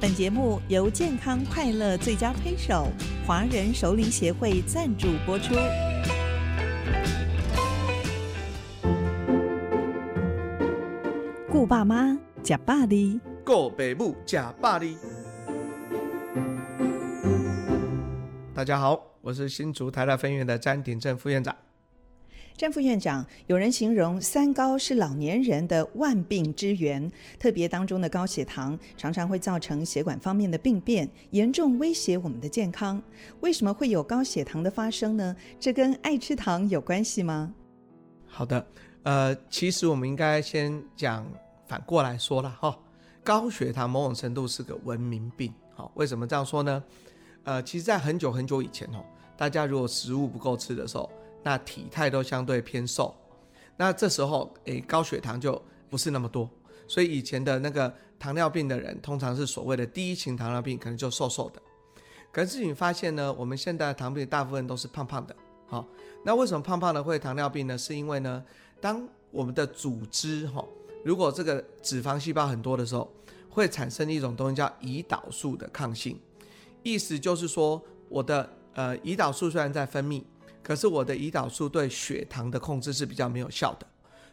本節目由健康快樂最佳推手華人熟齡協會贊助播出。顧爸媽，吃百的，顧爸母，假百的。大家好，我是新竹台大分院的詹鼎正副院長。詹副院長，有人形容三高是老年人的萬病之源，特別當中的高血糖常常會造成血管方面的病變，嚴重威脅我們的健康。為什麼會有高血糖的發生呢？這跟愛吃糖有關係嗎？好的，呃，其實我們應該先講反過來說了哈、哦。高血糖某種程度是個文明病，好、哦，為什麼這樣說呢？呃，其實，在很久很久以前哦，大家如果食物不夠吃的時候。那體態都相對偏瘦，那這時候誒，高血糖就不是那麼多，所以以前的那個糖尿病的人，通常是所謂的第一型糖尿病，可能就瘦瘦的。可是你發現呢，我們現在的糖尿病大部分都是胖胖的，哦，那為什麼胖胖的會糖尿病呢？是因為呢，當我們的組織哈，哦，如果這個脂肪細胞很多的時候，會產生一種東西叫胰島素的抗性，意思就是說，我的呃胰島素雖然在分泌，可是我的胰島素對血糖的控制是比較沒有效的，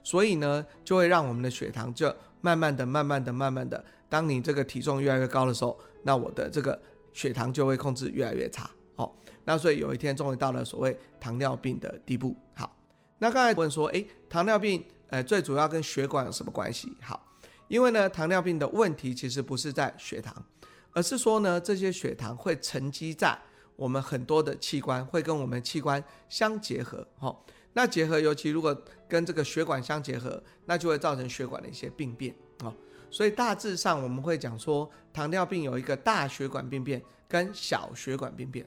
所以呢，就會讓我們的血糖就慢慢的、慢慢的、慢慢的，當你這個體重越來越高的時候，那我的這個血糖就會控制越來越差哦。那所以有一天終於到了所謂糖尿病的地步。好，那剛才問說，誒，糖尿病，呃，最主要跟血管有什麼關係？好，因為呢，糖尿病的問題其實不是在血糖，而是說呢，這些血糖會沉積在。我們很多的器官，會跟我們器官相結合，那結合尤其如果跟這個血管相結合，那就會造成血管的一些病變，所以大致上我們會講說，糖尿病有一個大血管病變跟小血管病變。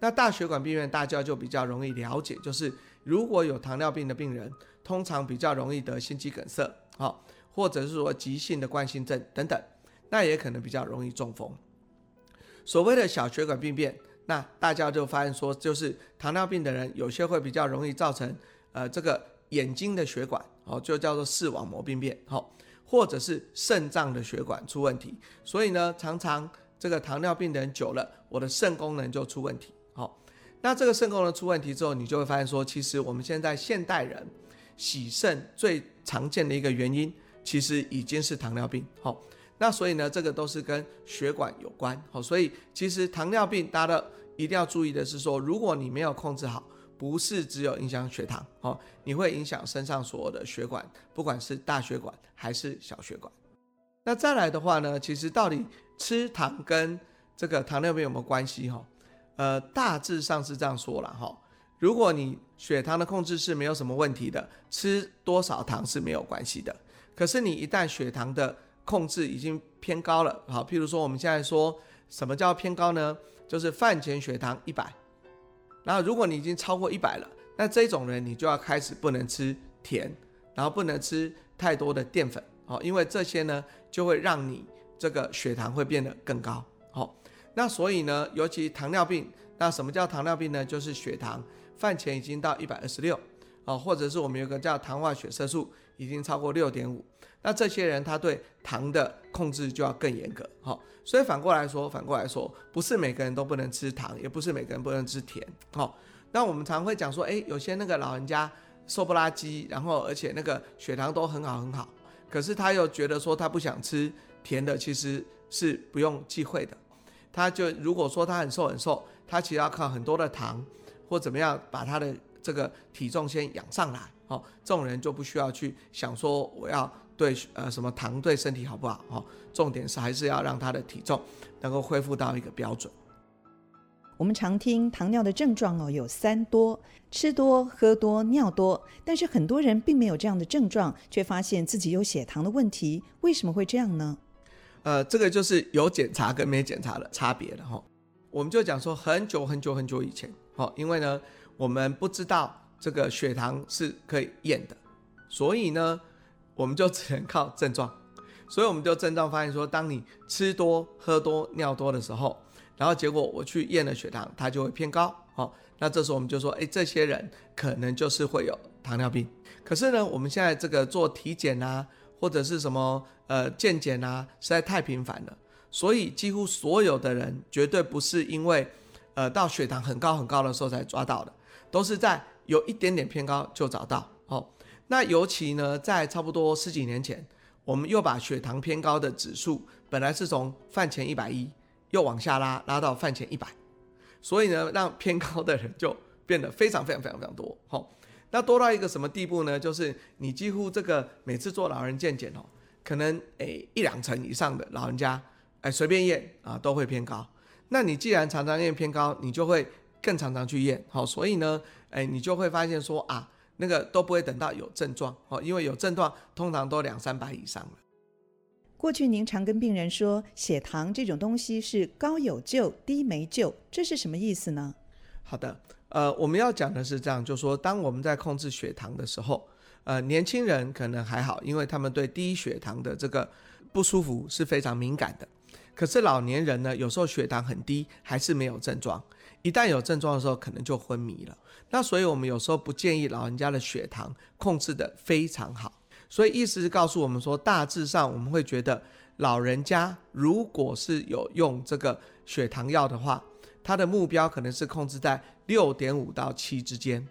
那大血管病變大家就比較容易了解，就是如果有糖尿病的病人，通常比較容易得心肌梗塞，啊，或者是說急性的冠心症等等，那也可能比較容易中風。所謂的小血管病變。那大家就發現說，就是糖尿病的人有些會比較容易造成，呃，這個眼睛的血管，哦，就叫做視網膜病變，哦，或者是腎臟的血管出問題。所以呢，常常這個糖尿病的人久了，我的腎功能就出問題，哦。那這個腎功能出問題之後，你就會發現說，其實我們現在現代人洗腎最常見的一個原因，其實已經是糖尿病，哦。那所以呢，這個都是跟血管有關，好、哦，所以其實糖尿病大家一定要注意的是說，如果你沒有控制好，不是只有影響血糖，哦，你會影響身上所有的血管，不管是大血管還是小血管。那再來的話呢，其實到底吃糖跟這個糖尿病有沒有關係？哈、哦，呃，大致上是這樣說了哈、哦，如果你血糖的控制是沒有什麼問題的，吃多少糖是沒有關係的。可是你一旦血糖的控制已經偏高了，好，譬如說我們現在說什麼叫偏高呢？就是飯前血糖一百，那如果你已經超過一百了，那這種人你就要開始不能吃甜，然後不能吃太多的澱粉哦，因為這些呢就會讓你這個血糖會變得更高。好，哦，那所以呢，尤其糖尿病，那什麼叫糖尿病呢？就是血糖飯前已經到一百二十六。哦，或者是我們有個叫糖化血色素，已經超過六點五，那這些人他對糖的控制就要更嚴格。好，所以反過來說，反過來說，不是每個人都不能吃糖，也不是每個人不能吃甜。好，那我們常會講說，誒，有些那個老人家瘦不拉幾，然後而且那個血糖都很好很好，可是他又覺得說他不想吃甜的，其實是不用忌諱的。他就如果說他很瘦很瘦，他其實要靠很多的糖，或怎麼樣把他的。這個體重先養上來哦，這種人就不需要去想說我要對呃什麼糖對身體好不好哦，重點是還是要讓他的體重能夠恢復到一個標準。我們常聽糖尿的症狀哦，有三多吃多、喝多、尿多，但是很多人並沒有這樣的症狀，卻發現自己有血糖的問題，為什麼會這樣呢？呃，這個就是有檢查跟沒檢查的差別了哈、哦。我們就講說很久很久很久以前好、哦，因為呢。我們不知道這個血糖是可以驗的，所以呢，我們就只能靠症狀，所以我們就症狀發現說，當你吃多喝多尿多的時候，然後結果我去驗了血糖，它就會偏高哦。那這時候我們就說，哎，這些人可能就是會有糖尿病。可是呢，我們現在這個做體檢啊，或者是什麼呃健檢啊，實在太頻繁了，所以幾乎所有的人絕對不是因為呃到血糖很高很高的時候才抓到的。都是在有一點點偏高就找到哦。那尤其呢，在差不多十幾年前，我們又把血糖偏高的指數本來是從飯前一百一又往下拉，拉到飯前一百，所以呢，讓偏高的人就變得非常非常非常非常多哦。那多到一個什麼地步呢？就是你幾乎這個每次做老人健檢哦，可能誒、哎、一兩成以上的老人家，誒隨便驗啊都會偏高。那你既然常常驗偏高，你就會。更常常去驗好，哦，所以呢，誒、哎，你就會發現說，啊，那個都不會等到有症狀哦，因為有症狀通常都兩三百以上了。過去您常跟病人說，血糖這種東西是高有救，低沒救，這是什麼意思呢？好的，呃，我們要講的是這樣，就是說當我們在控制血糖的時候，呃，年輕人可能還好，因為他們對低血糖的這個不舒服是非常敏感的。可是老年人呢，有時候血糖很低，還是沒有症狀。一旦有症狀的時候，可能就昏迷了。那所以，我們有時候不建議老人家的血糖控制得非常好。所以，意思是告訴我們說，大致上我們會覺得，老人家如果是有用這個血糖藥的話，他的目標可能是控制在六點五到七之間。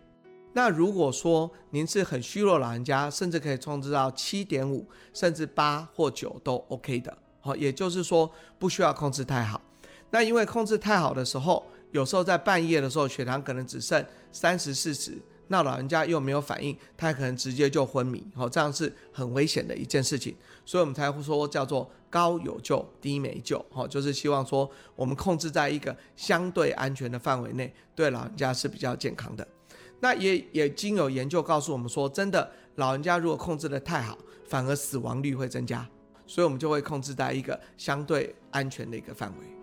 那如果說您是很虛弱老人家，甚至可以控制到七點五，甚至八或九都 OK 的。好，也就是說不需要控制太好。那因為控制太好的時候，有時候在半夜的時候，血糖可能只剩三十四十，那老人家又沒有反應，他可能直接就昏迷，好，這樣是很危險的一件事情，所以我們才會說叫做高有救，低沒救，好，就是希望說我們控制在一個相對安全的範圍內，對老人家是比較健康的。那也也經有研究告訴我們說，真的老人家如果控制得太好，反而死亡率會增加，所以我們就會控制在一個相對安全的一個範圍。